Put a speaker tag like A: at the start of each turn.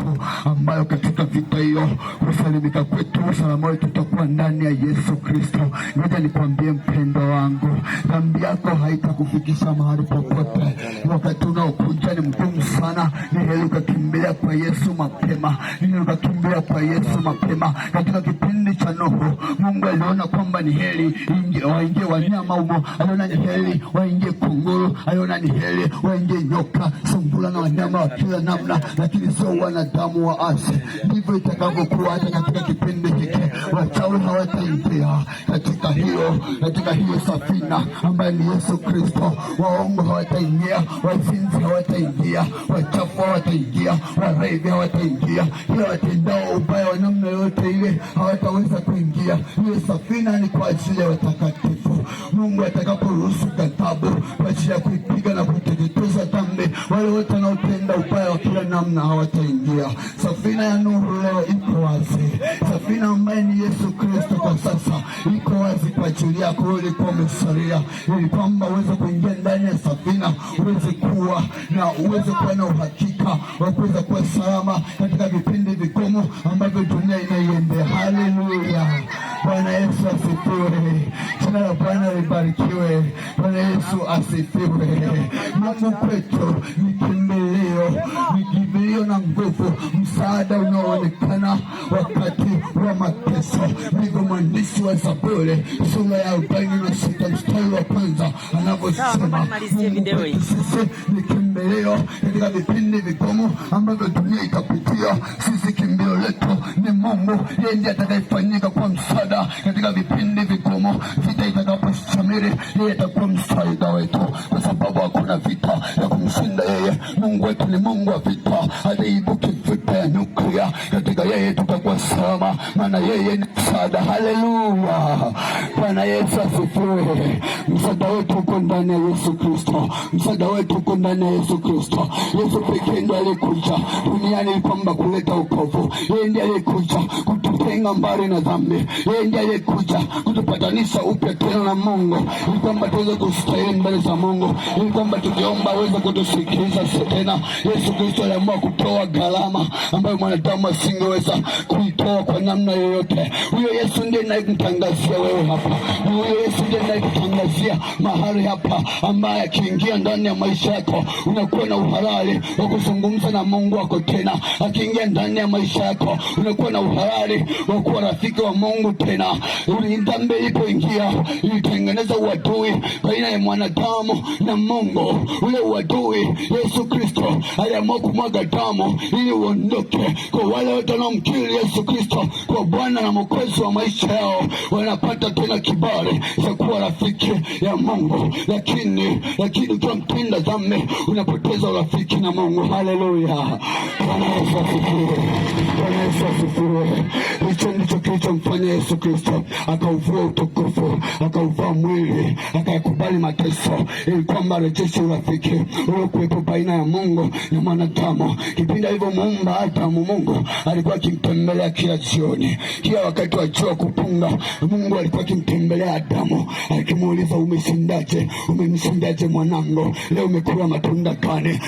A: yetu ambayo katika vita hiyo kusalimika kwetu, usalama wetu tutakuwa ndani ya Yesu Kristo. Ngoja nikwambie mpendo wangu, dhambi yako haitakufikisha mahali popote. Wakati unaokuja ni mgumu sana, ni heri ukakimbilia kwa Yesu mapema, ni heri ukakimbilia kwa Yesu mapema. Katika kipindi cha Nuhu, Mungu aliona kwamba ni heri waingie wanyama humo, aliona ni heri waingie kunguru, aliona ni heri waingie nyoka, sungura na wanyama wa kila namna, lakini sio wana binadamu wa asi, ndivyo itakavyokuwa hata katika kipindi hiki. Wachawi hawataingia katika hiyo katika hiyo safina ambaye ni Yesu Kristo. Waongo hawataingia, wazinzi hawataingia, wachafu hawataingia, warevi hawataingia, kila watendao ubaya wa namna yoyote ile hawataweza kuingia. Hiyo safina ni kwa ajili ya watakatifu. Mungu atakaporuhusu ghadhabu kwa ajili ya kuipiga na kuiteketeza dhambi wale wote wanaotenda ubaya namna hawataingia. Safina ya nuru leo iko wazi, safina ambaye ni Yesu Kristo kwa sasa iko wazi kwa ajili yako. Ulikuwa umesalia ili kwamba uweze kuingia ndani ya safina, uweze kuwa na uweze kuwa na uhakika wa kuweza kuwa salama katika vipindi vigumu ambavyo dunia inaiendea. Haleluya! Bwana Yesu asifiwe. Jina la Bwana libarikiwe. Bwana Yesu asifiwe. Mungu kwetu ni kimbilio iliyo na nguvu, msaada unaoonekana wakati wa mateso. Ndivyo mwandishi wa Zaburi sura ya arobaini na sita mstari wa kwanza anavyosema, sisi ni kimbilio katika vipindi vigumu ambavyo dunia itapitia. Sisi kimbilio letu ni Mungu, yeye ndiye atakayefanyika kwa msaada katika vipindi vigumu. Vita itakaposhamiri, yeye atakuwa msaada wetu, kwa sababu hakuna vita kumshinda yeye. Mungu wetu ni Mungu wa vita, ataibuki vita ya nyuklia. Katika yeye tutakuwa salama, maana yeye ni msaada. Haleluya! Bwana Yesu asifiwe. Msaada wetu uko ndani ya Yesu Kristo, msaada wetu uko ndani ya Yesu Kristo. Yesu pekee ndiye alikuja duniani kwamba kuleta wokovu. Yeye ndiye alikuja kututenga mbali na dhambi. Yeye ndiye alikuja kutupatanisha upya tena na Mungu, ili kwamba tuweze kustahili mbele za Mungu, ili kwamba tukiomba aweze kutusikiliza tena. Yesu Kristo aliamua kutoa gharama ambayo mwanadamu asingeweza kuitoa kwa namna yoyote. Huyo Yesu ndiye ninayemtangazia wewe hapa na wewe sije nakutangazia mahali hapa, ambaye akiingia ndani ya maisha yako unakuwa na uhalali wa kuzungumza na Mungu wako tena. Akiingia ndani ya maisha yako unakuwa na uhalali wa kuwa rafiki wa Mungu tena. Dhambi ilipoingia ilitengeneza uadui baina ya mwanadamu na Mungu. Ule uadui Yesu Kristo aliamua kumwaga damu ili uondoke. Kwa wale wote wanaomkiri Yesu Kristo kwa Bwana na Mwokozi wa maisha yao wanapata tena kibali cha kuwa rafiki ya Mungu, lakini lakini ukimpinda dhambi unapoteza urafiki na Mungu. Haleluya, Bwana Yesu asifiwe, Bwana Yesu asifiwe. Hicho ndicho kilichomfanya Yesu Kristo akauvua utukufu, akauvaa mwili, akayakubali mateso, ili kwamba arejeshe urafiki uliokuwepo baina ya Mungu na mwanadamu. Kipindi alivyomuumba Adamu, Mungu alikuwa akimtembelea kila jioni, kila wakati wa jua kupunga, Mungu alikuwa akimtembelea akamtembelea Adamu akimuuliza eh, umeshindaje? Umemshindaje mwanangu? Leo umekula matunda gani?